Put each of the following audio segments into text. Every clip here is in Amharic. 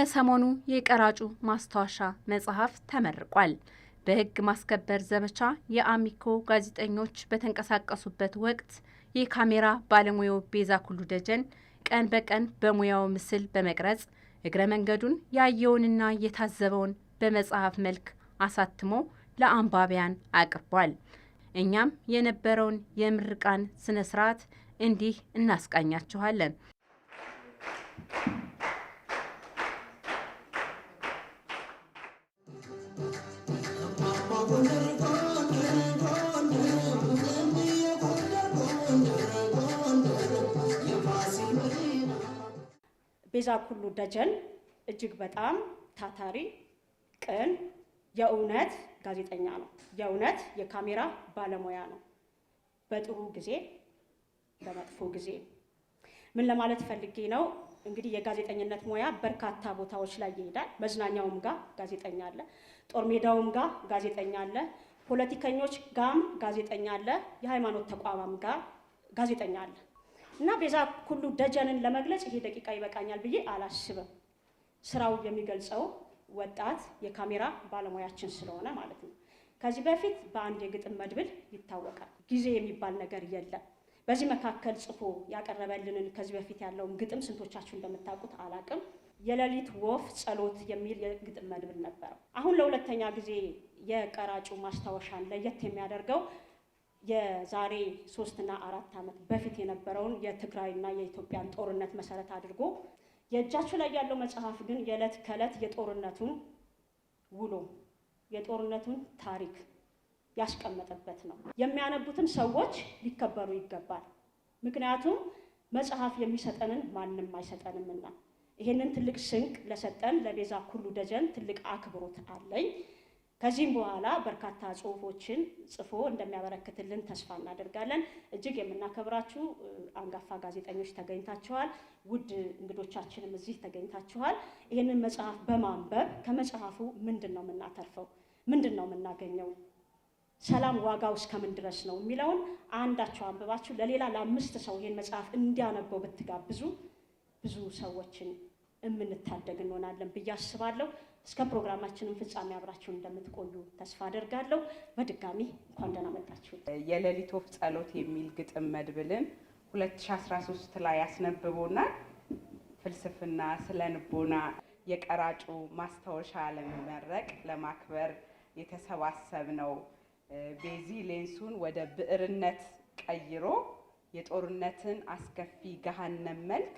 ከሰሞኑ የቀራጩ ማስታወሻ መጽሐፍ ተመርቋል። በሕግ ማስከበር ዘመቻ የአሚኮ ጋዜጠኞች በተንቀሳቀሱበት ወቅት የካሜራ ባለሙያው ቤዛ ኩሉ ደጀን ቀን በቀን በሙያው ምስል በመቅረጽ እግረ መንገዱን ያየውንና የታዘበውን በመጽሐፍ መልክ አሳትሞ ለአንባቢያን አቅርቧል። እኛም የነበረውን የምርቃን ስነ ስርዓት እንዲህ እናስቃኛችኋለን። ቤዛ ኩሉ ደጀን እጅግ በጣም ታታሪ፣ ቅን፣ የእውነት ጋዜጠኛ ነው። የእውነት የካሜራ ባለሙያ ነው። በጥሩ ጊዜ በመጥፎ ጊዜ ምን ለማለት ፈልጌ ነው? እንግዲህ የጋዜጠኝነት ሙያ በርካታ ቦታዎች ላይ ይሄዳል። መዝናኛውም ጋር ጋዜጠኛ አለ፣ ጦር ሜዳውም ጋር ጋዜጠኛ አለ፣ ፖለቲከኞች ጋም ጋዜጠኛ አለ፣ የሃይማኖት ተቋማም ጋር ጋዜጠኛ አለ። እና ቤዛ ኩሉ ደጀንን ለመግለጽ ይሄ ደቂቃ ይበቃኛል ብዬ አላስብም። ስራው የሚገልጸው ወጣት የካሜራ ባለሙያችን ስለሆነ ማለት ነው። ከዚህ በፊት በአንድ የግጥም መድብል ይታወቃል። ጊዜ የሚባል ነገር የለም። በዚህ መካከል ጽፎ ያቀረበልንን ከዚህ በፊት ያለውን ግጥም ስንቶቻችሁ እንደምታውቁት አላቅም። የሌሊት ወፍ ጸሎት የሚል የግጥም መድብል ነበረው። አሁን ለሁለተኛ ጊዜ የቀራጩ ማስታወሻን ለየት የሚያደርገው የዛሬ ሶስትና አራት ዓመት በፊት የነበረውን የትግራይና የኢትዮጵያን ጦርነት መሰረት አድርጎ የእጃችሁ ላይ ያለው መጽሐፍ ግን የዕለት ከዕለት የጦርነቱን ውሎ የጦርነቱን ታሪክ ያስቀመጠበት ነው። የሚያነቡትም ሰዎች ሊከበሩ ይገባል። ምክንያቱም መጽሐፍ የሚሰጠንን ማንም አይሰጠንምና። ይሄንን ትልቅ ስንቅ ለሰጠን ለቤዛ ኩሉ ደጀን ትልቅ አክብሮት አለኝ። ከዚህም በኋላ በርካታ ጽሁፎችን ጽፎ እንደሚያበረክትልን ተስፋ እናደርጋለን። እጅግ የምናከብራችሁ አንጋፋ ጋዜጠኞች ተገኝታችኋል። ውድ እንግዶቻችንም እዚህ ተገኝታችኋል። ይህንን መጽሐፍ በማንበብ ከመጽሐፉ ምንድን ነው የምናተርፈው? ምንድን ነው የምናገኘው? ሰላም ዋጋው እስከምን ድረስ ነው የሚለውን አንዳቸው አንብባችሁ ለሌላ ለአምስት ሰው ይህን መጽሐፍ እንዲያነበው ብትጋብዙ ብዙ ሰዎችን የምንታደግ እንሆናለን ብዬ አስባለሁ። እስከ ፕሮግራማችንም ፍጻሜ አብራችሁን እንደምትቆዩ ተስፋ አደርጋለሁ። በድጋሚ እንኳን ደህና መጣችሁ። የሌሊት ወፍ ጸሎት የሚል ግጥም መድብልን 2013 ላይ ያስነብቦናል። ፍልስፍና፣ ስለንቦና የቀራጩ ማስታወሻ ለመመረቅ ለማክበር የተሰባሰብ ነው። ቤዚ ሌንሱን ወደ ብዕርነት ቀይሮ የጦርነትን አስከፊ ገሃነም መልክ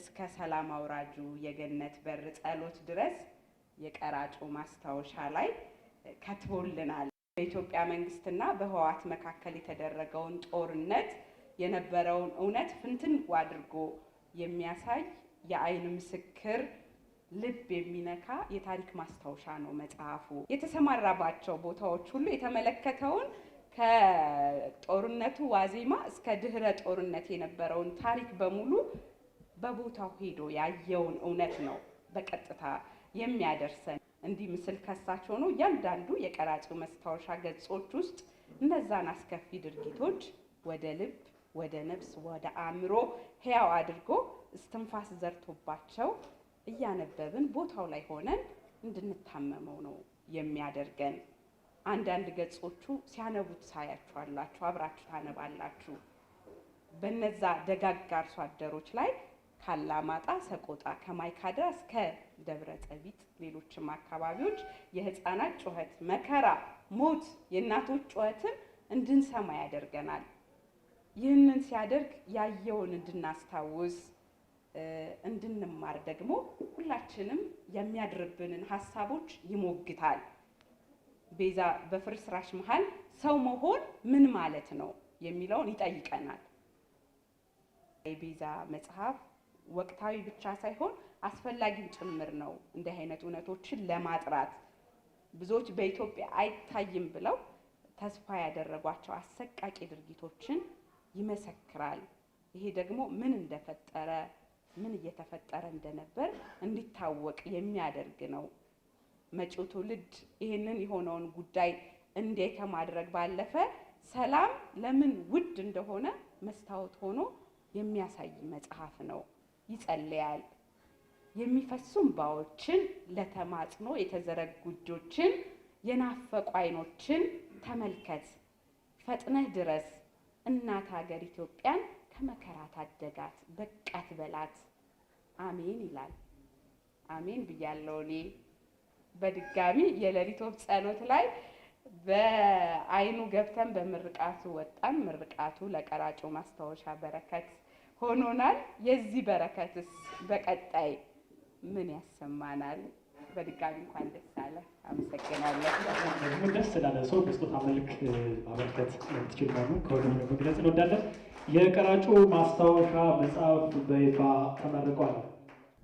እስከ ሰላም አውራጁ የገነት በር ጸሎት ድረስ የቀራጮ ማስታወሻ ላይ ከትቦልናል። በኢትዮጵያ መንግስትና በህወሓት መካከል የተደረገውን ጦርነት የነበረውን እውነት ፍንትን አድርጎ የሚያሳይ የአይን ምስክር ልብ የሚነካ የታሪክ ማስታወሻ ነው መጽሐፉ። የተሰማራባቸው ቦታዎች ሁሉ የተመለከተውን ከጦርነቱ ዋዜማ እስከ ድህረ ጦርነት የነበረውን ታሪክ በሙሉ በቦታው ሄዶ ያየውን እውነት ነው በቀጥታ የሚያደርሰን እንዲህ ምስል ከሳች ሆኖ እያንዳንዱ የቀራጭው መስታወሻ ገጾች ውስጥ እነዛን አስከፊ ድርጊቶች ወደ ልብ፣ ወደ ነፍስ፣ ወደ አእምሮ ህያው አድርጎ እስትንፋስ ዘርቶባቸው እያነበብን ቦታው ላይ ሆነን እንድንታመመው ነው የሚያደርገን። አንዳንድ ገጾቹ ሲያነቡት ሳያችኋላችሁ አብራችሁ ታነባላችሁ። በነዛ ደጋግ አርሶ አደሮች ላይ ካላማጣ ሰቆጣ ከማይካድራ እስከ ደብረ ጠቢጥ ሌሎችም አካባቢዎች የህፃናት ጩኸት መከራ፣ ሞት፣ የእናቶች ጩኸትን እንድንሰማ ያደርገናል። ይህንን ሲያደርግ ያየውን እንድናስታውስ እንድንማር ደግሞ ሁላችንም የሚያድርብንን ሀሳቦች ይሞግታል። ቤዛ በፍርስራሽ መሀል ሰው መሆን ምን ማለት ነው የሚለውን ይጠይቀናል። የቤዛ መጽሐፍ ወቅታዊ ብቻ ሳይሆን አስፈላጊም ጭምር ነው። እንዲህ አይነት እውነቶችን ለማጥራት ብዙዎች በኢትዮጵያ አይታይም ብለው ተስፋ ያደረጓቸው አሰቃቂ ድርጊቶችን ይመሰክራል። ይሄ ደግሞ ምን እንደፈጠረ ምን እየተፈጠረ እንደነበር እንዲታወቅ የሚያደርግ ነው። መጪው ትውልድ ይህንን የሆነውን ጉዳይ እንዴ ከማድረግ ባለፈ ሰላም ለምን ውድ እንደሆነ መስታወት ሆኖ የሚያሳይ መጽሐፍ ነው። ይጸልያል። የሚፈሱ እንባዎችን፣ ለተማጽኖ የተዘረጉ እጆችን፣ የናፈቁ አይኖችን ተመልከት። ፈጥነህ ድረስ፣ እናት ሀገር ኢትዮጵያን ከመከራ ታደጋት፣ በቃት በላት። አሜን ይላል። አሜን ብያለው እኔ በድጋሚ የሌሊት ወፍ ጸሎት ላይ በአይኑ ገብተን በምርቃቱ ወጣን። ምርቃቱ ለቀራጮ ማስታወሻ በረከት ሆኖናል። የዚህ በረከትስ በቀጣይ ምን ያሰማናል? በድጋሚ እንኳን ደስ አለ። አመሰግናለሁ። ደግሞ ደስ ስላለ ሰው በስጦታ መልክ ማበርከት የምትችል መሆኑ ከወደ መግለጽ እንወዳለን። የቀራጩ ማስታወሻ መጽሐፍ በይፋ ተመርቋል።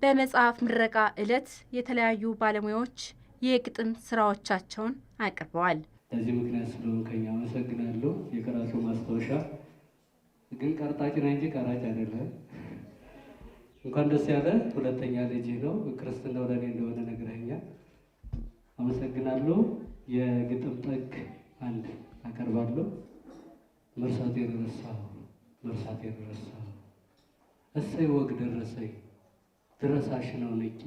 በመጽሐፍ ምረቃ ዕለት የተለያዩ ባለሙያዎች የግጥም ስራዎቻቸውን አቅርበዋል። በዚህ ምክንያት ስለሆንከኝ አመሰግናለሁ። የቀራጩ ማስታወሻ ግን ቀርጣጭ ነው እንጂ ቀራጭ አይደለም። እንኳን ደስ ያለ ሁለተኛ ልጅ ነው። ክርስትናው ለእኔ እንደሆነ ነግረኛ አመሰግናለሁ። የግጥም ጥግ አንድ አቀርባለሁ። መርሳት የረሳሁ መርሳት የረሳሁ እሰይ ወግ ደረሰኝ ድረሳሽ ነው ንቄ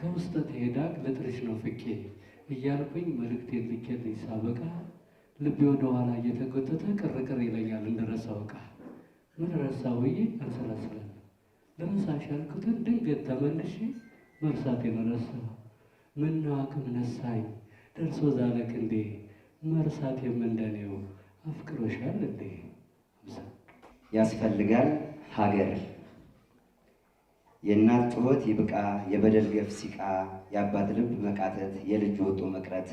ከውስጠ ትሄዳቅ ልጥርሽ ነው ፍቄ እያልኩኝ መልእክት የልኬልኝ ሳበቃ ልቤ ወደኋላ እየተጎተተ ቅርቅር ይለኛል እንደረሳው ዕቃ ምን ረሳሁ ብዬ አንሰላስላለሁ። ለምሳሽ ያልኩትን ድንገት መርሳት መርሳቴን ረሳሁ። አቅም ነሳኝ ደርሶ ዛለክ እንዴ መርሳት የምንደኔው አፍቅሮሻል እንዴ ያስፈልጋል ሀገር የእናት ጩኸት ይብቃ፣ የበደል ገፍ ሲቃ፣ የአባት ልብ መቃተት፣ የልጅ ወጦ መቅረት፣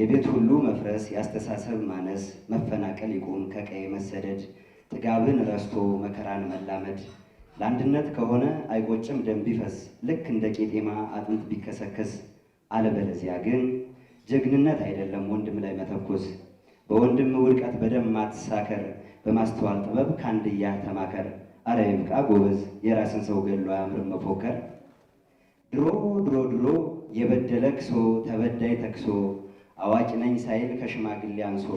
የቤት ሁሉ መፍረስ፣ የአስተሳሰብ ማነስ፣ መፈናቀል ይቁም ከቀይ መሰደድ ጥጋብን ረስቶ መከራን መላመድ ለአንድነት ከሆነ አይቆጭም ደም ቢፈስ ልክ እንደ ቄጤማ አጥንት ቢከሰከስ አለበለዚያ ግን ጀግንነት አይደለም ወንድም ላይ መተኮስ በወንድም ውድቀት በደም ማትሳከር በማስተዋል ጥበብ ካንድያ ተማከር አረ ይብቃ ጎበዝ የራስን ሰው ገሎ አያምርም መፎከር ድሮ ድሮ ድሮ የበደለ ክሶ ተበዳይ ተክሶ አዋቂ ነኝ ሳይል ከሽማግሌ አንሶ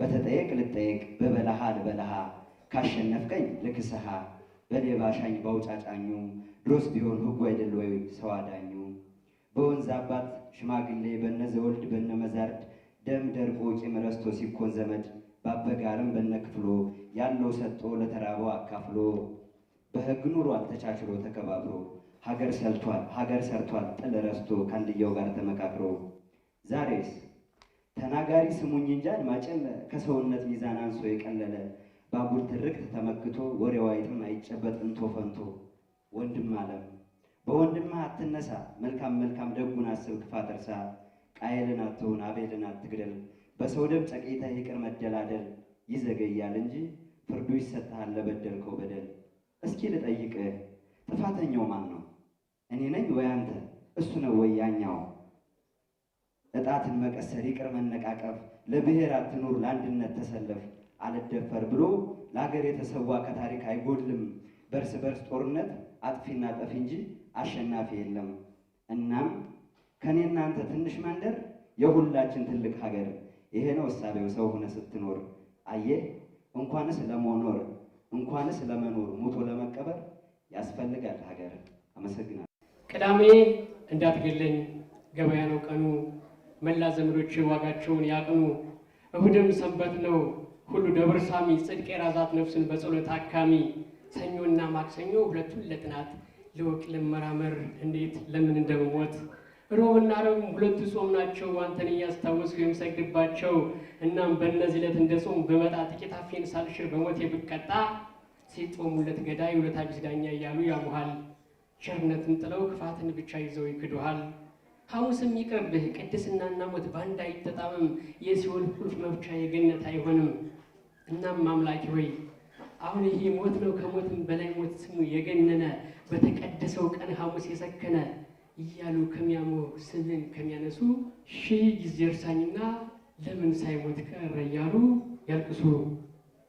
በተጠየቅ ልጠየቅ በበለሃ ልበለሃ ካሸነፍቀኝ ልክስሃ በሌባ ሻኝ በውጫጫኙ ድሮስ ቢሆን ህጉ አይደል ወይ ሰው አዳኙ በወንዝ አባት ሽማግሌ በነ በነመዛርድ ደም ደርቆ ቂም ረስቶ ሲኮን ዘመድ ባበጋርም በነክፍሎ ያለው ሰጥቶ ለተራበው አካፍሎ በህግ ኑሯል ተቻችሎ ተከባብሮ ሀገር ሰልቷል ሀገር ሰርቷል ጥል ረስቶ ከአንድያው ጋር ተመካክሮ ዛሬስ ተናጋሪ ስሙኝ እንጂ አድማጭም ከሰውነት ሚዛን አንሶ የቀለለ ባቡር ትርክት ተመክቶ ወሬው አይጥም አይጨበጥ እንቶ ፈንቶ ወንድም አለም በወንድም አትነሳ መልካም መልካም ደጉን አስብ ክፋ ተርሳ ቃየልን አትሁን አቤልን አትግደል በሰው ደም ጨቂታ ይቅር መደላደል ይዘገያል እንጂ ፍርዱ ይሰጥሃል ለበደልከው በደል። እስኪ ልጠይቅህ ጥፋተኛው ማን ነው? እኔ ነኝ ወይ አንተ? እሱ ነው ወይ ያኛው? እጣትን መቀሰር ይቅር መነቃቀፍ ለብሔር አትኑር ለአንድነት ተሰለፍ። አልደፈር ብሎ ለሀገር የተሰዋ ከታሪክ አይጎድልም። በእርስ በርስ ጦርነት አጥፊና ጠፊ እንጂ አሸናፊ የለም። እናም ከኔ እናንተ ትንሽ መንደር የሁላችን ትልቅ ሀገር፣ ይሄ ነው እሳቤው ሰው ሆነ ስትኖር። አየህ እንኳንስ ለመኖር እንኳንስ ለመኖር ሞቶ ለመቀበር ያስፈልጋል ሀገር። አመሰግናለሁ። ቅዳሜ እንዳትገለኝ ገበያ ነው ቀኑ፣ መላ ዘመዶች ዋጋቸውን ያቅኑ፣ እሁድም ሰንበት ነው ሁሉ ደብር ሳሚ ጽድቅ የራዛት ነፍስን በጸሎት አካሚ ሰኞና ማክሰኞ ሁለቱን ለጥናት ልወቅ ልመራመር እንዴት ለምን እንደምሞት ሮብና ረብ ሁለቱ ጾም ናቸው አንተን እያስታወስኩ የምሰግድባቸው። እናም በእነዚህ ዕለት እንደ ጾም በመጣ ጥቂት አፌን ሳልሽር በሞት የብቀጣ ሲጾሙለት ገዳይ ውለታ ቢስ ዳኛ እያሉ ያሙሃል። ቸርነትን ጥለው ክፋትን ብቻ ይዘው ይክዱሃል። ሐሙስም ይቅርብህ ቅድስናና ሞት በአንድ አይተጣምም። የሲኦል ቁልፍ መፍቻ የገነት አይሆንም። እናም አምላኬ ወይ አሁን ይህ ሞት ነው፣ ከሞትም በላይ ሞት ስሙ የገነነ በተቀደሰው ቀን ሐሙስ የሰከነ እያሉ ከሚያሞ ስልን ከሚያነሱ ሺህ ጊዜ እርሳኝና ለምን ሳይሞት ቀረ እያሉ ያልቅሱ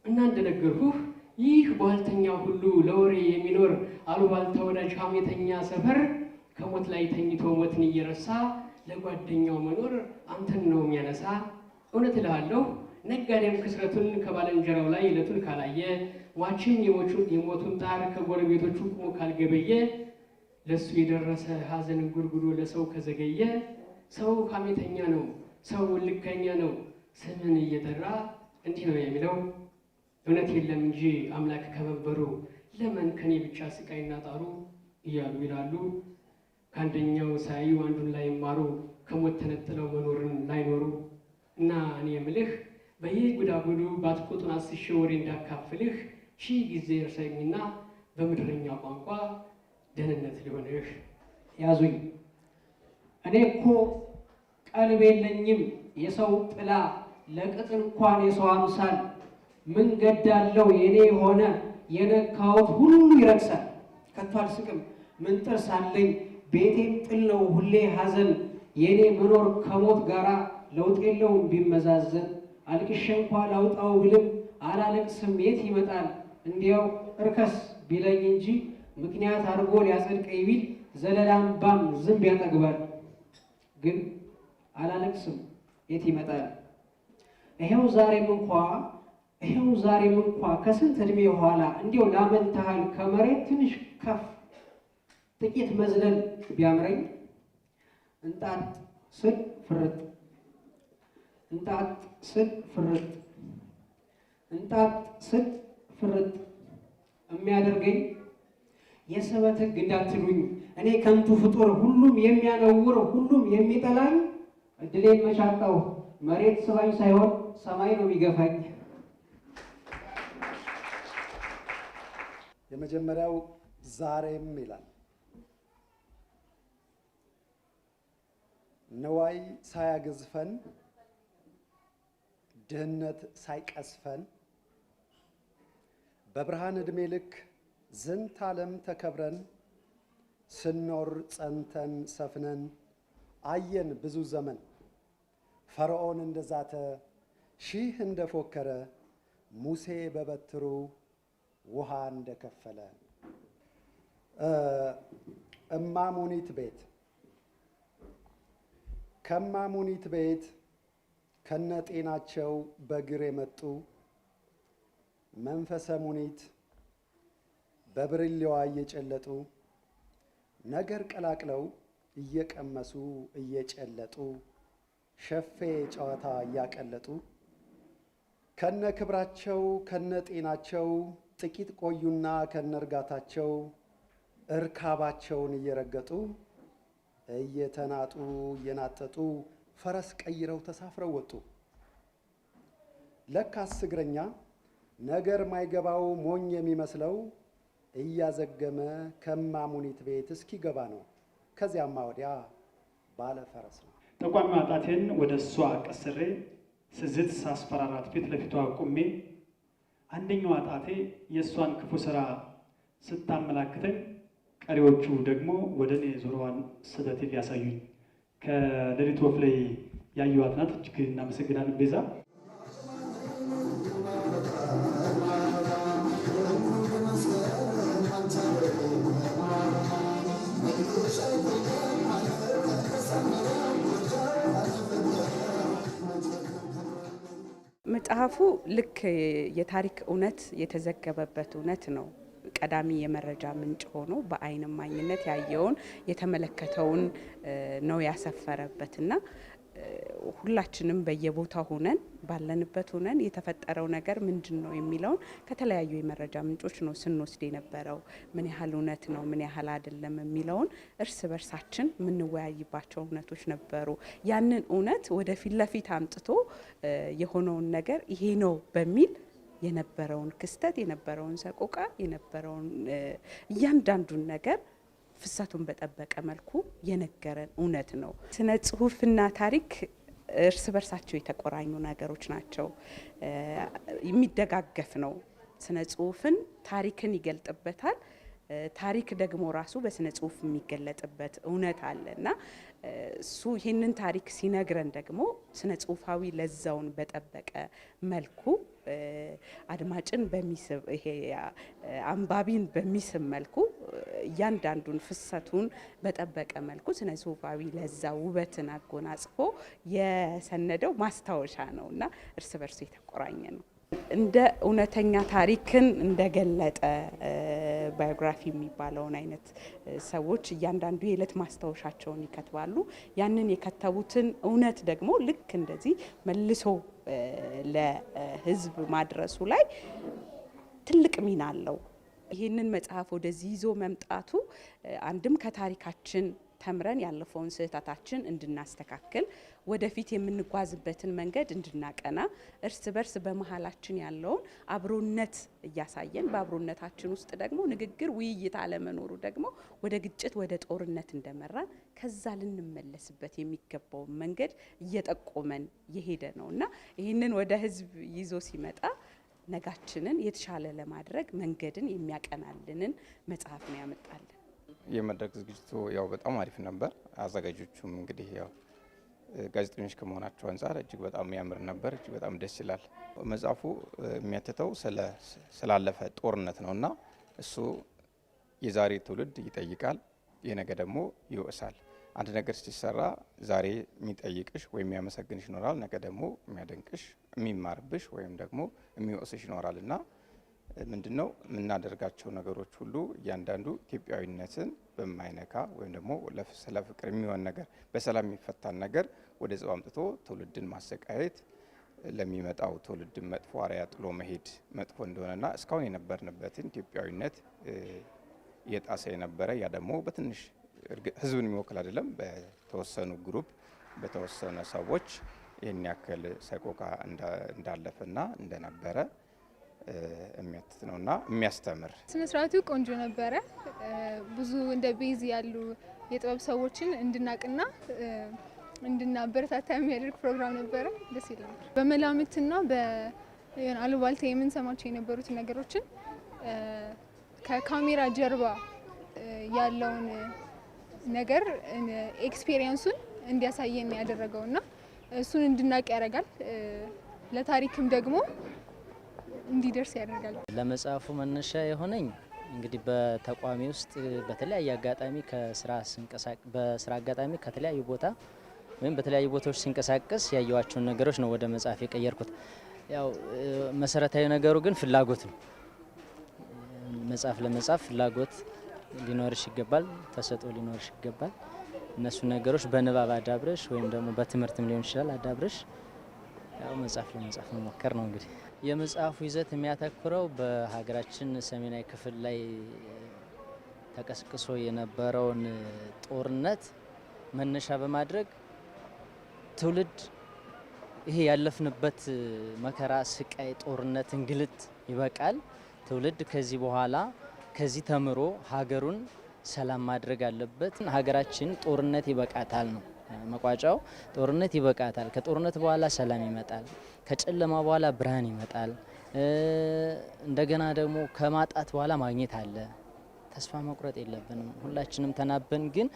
እና እንደነገርኩህ ይህ ቧልተኛ ሁሉ ለወሬ የሚኖር አሉባልታ ወዳጅ ሐሜተኛ ሰፈር ከሞት ላይ ተኝቶ ሞትን እየረሳ ለጓደኛው መኖር አንተን ነው የሚያነሳ። እውነት እልሃለሁ ነጋዴም ክስረቱን ከባለንጀራው ላይ ዕለቱን ካላየ ሟችም የሞቱን ጣር ከጎረቤቶቹ ቁሞ ካልገበየ ለሱ የደረሰ ሐዘን ጉድጉዶ ለሰው ከዘገየ ሰው ሐሜተኛ ነው፣ ሰው ልከኛ ነው። ስምን እየጠራ እንዲህ ነው የሚለው እውነት የለም እንጂ አምላክ ከመንበሩ ለምን ከኔ ብቻ ስቃይና ጣሩ እያሉ ይላሉ። ከአንደኛው ሳያዩ አንዱን ላይ ማሩ ከሞት ተነጥለው መኖርን ላይኖሩ እና እኔ የምልህ በይህ ጉዳጉዱ ባትቆጡን አስሼ ወሬ እንዳካፍልህ ሺህ ጊዜ እርሰኝና በምድረኛ ቋንቋ ደህንነት ሊሆንህ ያዙኝ። እኔ እኮ ቀልብ የለኝም የሰው ጥላ ለቅጥ እንኳን የሰው አምሳል ምን ገዳለው የኔ የሆነ የነካሁት ሁሉ ይረግሳል። ከቶ አልስቅም ምን ጥርስ አለኝ ቤቴም ጥል ነው ሁሌ ሐዘን የኔ መኖር ከሞት ጋራ ለውጥ የለውም ቢመዛዘን አልቅሼ እንኳ ላውጣው ብልም አላለቅስም የት ይመጣል እንዲያው እርከስ ቢለኝ እንጂ ምክንያት አድርጎ ሊያጸድቀኝ ቢል ባም ዝንብ ያጠግባል። ግን አላለቅስም የት ይመጣል ይሄው ዛሬም እንኳ ይሄው ዛሬም እንኳ ከስንት እድሜ በኋላ እንዲያው ላመንታሃል ከመሬት ትንሽ ከፍ ጥቂት መዝለል ቢያምረኝ እንጣጥ ስል ፍርጥ እንጣጥ ስል ፍርጥ እንጣጥ ስል ፍርጥ የሚያደርገኝ የስበት ሕግ እንዳትሉኝ እኔ ከንቱ ፍጡር ሁሉም የሚያነውር ሁሉም የሚጠላኝ እድሌን መሻጣው መሬት ስባኝ ሳይሆን ሰማይ ነው የሚገፋኝ። የመጀመሪያው ዛሬም ይላል። ነዋይ ሳያገዝፈን ድህነት ሳይቀስፈን በብርሃን ዕድሜ ልክ ዝንት ዓለም ተከብረን ስኖር ጸንተን ሰፍነን አየን ብዙ ዘመን ፈርዖን እንደዛተ ሺህ እንደፎከረ ሙሴ በበትሩ ውሃ እንደከፈለ እማሙኒት ቤት ከማሙኒት ቤት ከነጤናቸው በእግር የመጡ መንፈሰ ሙኒት በብርሌዋ እየጨለጡ ነገር ቀላቅለው እየቀመሱ እየጨለጡ ሸፌ ጨዋታ እያቀለጡ ከነ ክብራቸው ከነ ጤናቸው ጥቂት ቆዩና ከነ እርጋታቸው እርካባቸውን እየረገጡ እየተናጡ እየናጠጡ ፈረስ ቀይረው ተሳፍረው ወጡ። ለካስ እግረኛ ነገር ማይገባው ሞኝ የሚመስለው እያዘገመ ከማሙኒት ቤት እስኪገባ ነው። ከዚያማ ወዲያ ባለ ፈረስ ነው። ጠቋሚ ማጣቴን ወደ እሷ ቀስሬ ስዝት ሳስፈራራት ፊት ለፊቷ ቁሜ አንደኛዋ ጣቴ የእሷን ክፉ ስራ ስታመላክተኝ፣ ቀሪዎቹ ደግሞ ወደ እኔ ዙረዋን ስህተቴን ሊያሳዩኝ ከሌሊት ወፍ ላይ ያየኋት ናት። እጅግ እናመሰግናለን ቤዛ። መጽሐፉ ልክ የታሪክ እውነት የተዘገበበት እውነት ነው። ቀዳሚ የመረጃ ምንጭ ሆኖ በአይን ማኝነት ያየውን የተመለከተውን ነው ያሰፈረበትና ሁላችንም በየቦታ ሆነን ባለንበት ሆነን የተፈጠረው ነገር ምንድን ነው የሚለውን ከተለያዩ የመረጃ ምንጮች ነው ስንወስድ የነበረው። ምን ያህል እውነት ነው፣ ምን ያህል አይደለም የሚለውን እርስ በርሳችን የምንወያይባቸው እውነቶች ነበሩ። ያንን እውነት ወደ ፊት ለፊት አምጥቶ የሆነውን ነገር ይሄ ነው በሚል የነበረውን ክስተት፣ የነበረውን ሰቆቃ፣ የነበረውን እያንዳንዱን ነገር ፍሰቱን በጠበቀ መልኩ የነገረን እውነት ነው። ስነ ጽሁፍና ታሪክ እርስ በርሳቸው የተቆራኙ ነገሮች ናቸው። የሚደጋገፍ ነው። ስነ ጽሁፍን ታሪክን ይገልጥበታል። ታሪክ ደግሞ ራሱ በስነ ጽሁፍ የሚገለጥበት እውነት አለ እና እሱ ይህንን ታሪክ ሲነግረን ደግሞ ስነ ጽሁፋዊ ለዛውን በጠበቀ መልኩ አድማጭን በሚስብ ይሄ አንባቢን በሚስብ መልኩ እያንዳንዱን ፍሰቱን በጠበቀ መልኩ ስነ ጽሁፋዊ ለዛ ውበትን አጎናጽፎ የሰነደው ማስታወሻ ነው እና እርስ በርሱ የተቆራኘ ነው። እንደ እውነተኛ ታሪክን እንደገለጠ ባዮግራፊ የሚባለውን አይነት ሰዎች እያንዳንዱ የዕለት ማስታወሻቸውን ይከትባሉ። ያንን የከተቡትን እውነት ደግሞ ልክ እንደዚህ መልሶ ለሕዝብ ማድረሱ ላይ ትልቅ ሚና አለው። ይህንን መጽሐፍ ወደዚህ ይዞ መምጣቱ አንድም ከታሪካችን ተምረን ያለፈውን ስህተታችን እንድናስተካክል ወደፊት የምንጓዝበትን መንገድ እንድናቀና እርስ በርስ በመሀላችን ያለውን አብሮነት እያሳየን በአብሮነታችን ውስጥ ደግሞ ንግግር፣ ውይይት አለመኖሩ ደግሞ ወደ ግጭት፣ ወደ ጦርነት እንደመራን ከዛ ልንመለስበት የሚገባውን መንገድ እየጠቆመን የሄደ ነው እና ይህንን ወደ ህዝብ ይዞ ሲመጣ ነጋችንን የተሻለ ለማድረግ መንገድን የሚያቀናልንን መጽሐፍ ነው ያመጣልን። የመድረክ ዝግጅቱ ያው በጣም አሪፍ ነበር። አዘጋጆቹም እንግዲህ ያው ጋዜጠኞች ከመሆናቸው አንጻር እጅግ በጣም የሚያምር ነበር። እጅግ በጣም ደስ ይላል። መጽሐፉ የሚያትተው ስላለፈ ጦርነት ነው እና እሱ የዛሬ ትውልድ ይጠይቃል፣ የነገ ደግሞ ይወሳል አንድ ነገር ሲሰራ ዛሬ የሚጠይቅሽ ወይም የሚያመሰግንሽ ይኖራል፣ ነገ ደግሞ የሚያደንቅሽ፣ የሚማርብሽ ወይም ደግሞ የሚወስሽ ይኖራል እና ምንድን ነው የምናደርጋቸው ነገሮች ሁሉ እያንዳንዱ ኢትዮጵያዊነትን በማይነካ ወይም ደግሞ ስለ ፍቅር የሚሆን ነገር በሰላም የሚፈታን ነገር ወደ ጸብ አምጥቶ ትውልድን ማሰቃየት ለሚመጣው ትውልድ መጥፎ አርያ ጥሎ መሄድ መጥፎ እንደሆነና እስካሁን የነበርንበትን ኢትዮጵያዊነት የጣሰ የነበረ ያ ደግሞ በትንሽ ህዝብን የሚወክል አይደለም። በተወሰኑ ግሩፕ በተወሰነ ሰዎች ይህን ያክል ሰቆቃ እንዳለፈና እንደነበረ የሚያትት ነውና የሚያስተምር ስነስርዓቱ ቆንጆ ነበረ። ብዙ እንደ ቤዝ ያሉ የጥበብ ሰዎችን እንድናቅና እንድናበረታታ የሚያደርግ ፕሮግራም ነበረ። ደስ ይለናል። በመላምትና በአሉባልታ የምንሰማቸው የነበሩትን ነገሮችን ከካሜራ ጀርባ ያለውን ነገር ኤክስፔሪየንሱን እንዲያሳየን ያደረገውና እሱን እንድናቅ ያደርጋል። ለታሪክም ደግሞ እንዲደርስ ያደርጋል። ለመጽሐፉ መነሻ የሆነኝ እንግዲህ በተቋሚ ውስጥ በተለያየ አጋጣሚ ከስራ በስራ አጋጣሚ ከተለያዩ ቦታ ወይም በተለያዩ ቦታዎች ሲንቀሳቀስ ያየዋቸውን ነገሮች ነው ወደ መጽሐፍ የቀየርኩት። ያው መሰረታዊ ነገሩ ግን ፍላጎት ነው። መጽሐፍ ለመጻፍ ፍላጎት ሊኖርሽ ይገባል፣ ተሰጦ ሊኖርሽ ይገባል። እነሱ ነገሮች በንባብ አዳብረሽ ወይም ደግሞ በትምህርትም ሊሆን ይችላል አዳብረሽ ያው መጽሐፍ ለመጻፍ መሞከር ነው እንግዲህ የመጽሐፉ ይዘት የሚያተኩረው በሀገራችን ሰሜናዊ ክፍል ላይ ተቀስቅሶ የነበረውን ጦርነት መነሻ በማድረግ ትውልድ ይሄ ያለፍንበት መከራ፣ ስቃይ፣ ጦርነት፣ እንግልት ይበቃል። ትውልድ ከዚህ በኋላ ከዚህ ተምሮ ሀገሩን ሰላም ማድረግ አለበት። ሀገራችን ጦርነት ይበቃታል ነው መቋጫው ጦርነት ይበቃታል፣ ከጦርነት በኋላ ሰላም ይመጣል፣ ከጨለማ በኋላ ብርሃን ይመጣል፣ እንደገና ደግሞ ከማጣት በኋላ ማግኘት አለ። ተስፋ መቁረጥ የለብንም። ሁላችንም ተናበን ግን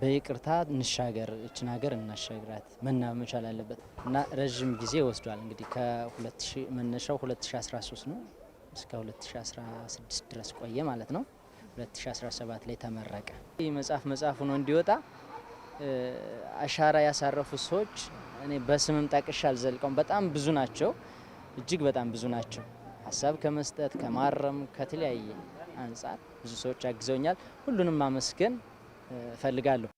በይቅርታ እንሻገር፣ እችን ሀገር እናሻግራት መናበብ መቻል አለበት እና ረዥም ጊዜ ወስዷል። እንግዲህ ከመነሻው 2013 ነው እስከ 2016 ድረስ ቆየ ማለት ነው። 2017 ላይ ተመረቀ። ይህ መጽሐፍ መጽሐፍ ሆኖ እንዲወጣ አሻራ ያሳረፉ ሰዎች እኔ በስምም ጠቅሼ አልዘልቀውም። በጣም ብዙ ናቸው፣ እጅግ በጣም ብዙ ናቸው። ሀሳብ ከመስጠት ከማረም፣ ከተለያየ አንጻር ብዙ ሰዎች አግዘውኛል። ሁሉንም ማመስገን እፈልጋለሁ።